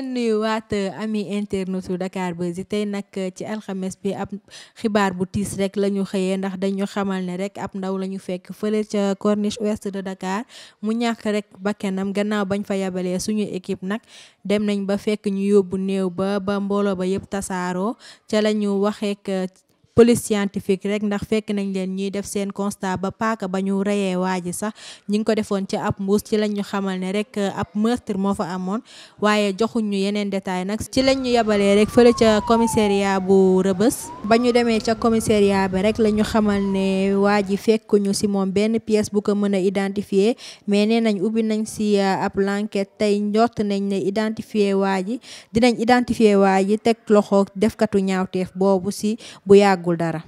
leen nuyu waat euh, ami internetu Dakar Buzz tey nag euh, ci alxames bi ab xibaar bu tiis rek la ñu xëyee ndax dañu xamal ne rek ab ndaw la ñu fekk fële ca corniche ouest de Dakar mu ñàkk rek bakkanam gannaaw bañ fa yabalee suñu équipe nag dem nañ ba fekk ñu yóbbu néew ba ba mbooloo ba yëpp tasaaroo ca la waxeek euh, police scientifique rek ndax fekk nañ leen ñuy def seen constat ba paaka ba ñu reyee waa ji sax ñi ngi ko defoon ci ab mbuus ci lañ ñu xamal ne rek euh, ab meurtre moo fa amoon waaye joxu ñu yeneen détail nag ci lañ ñu yabalee rek fële ca commissariat bu rëbës ba ñu demee ca commissariat bi rek la ñu xamal ne waa ji fekkuñu si moom benn pièce bu ko mën a identifier mais nee nañ ubbi nañ si euh, ab l'enquête tey njort nañ ne identifier waa ji dinañ identifier waa ji teg loxo defkatu ñaawteef yàggul dara.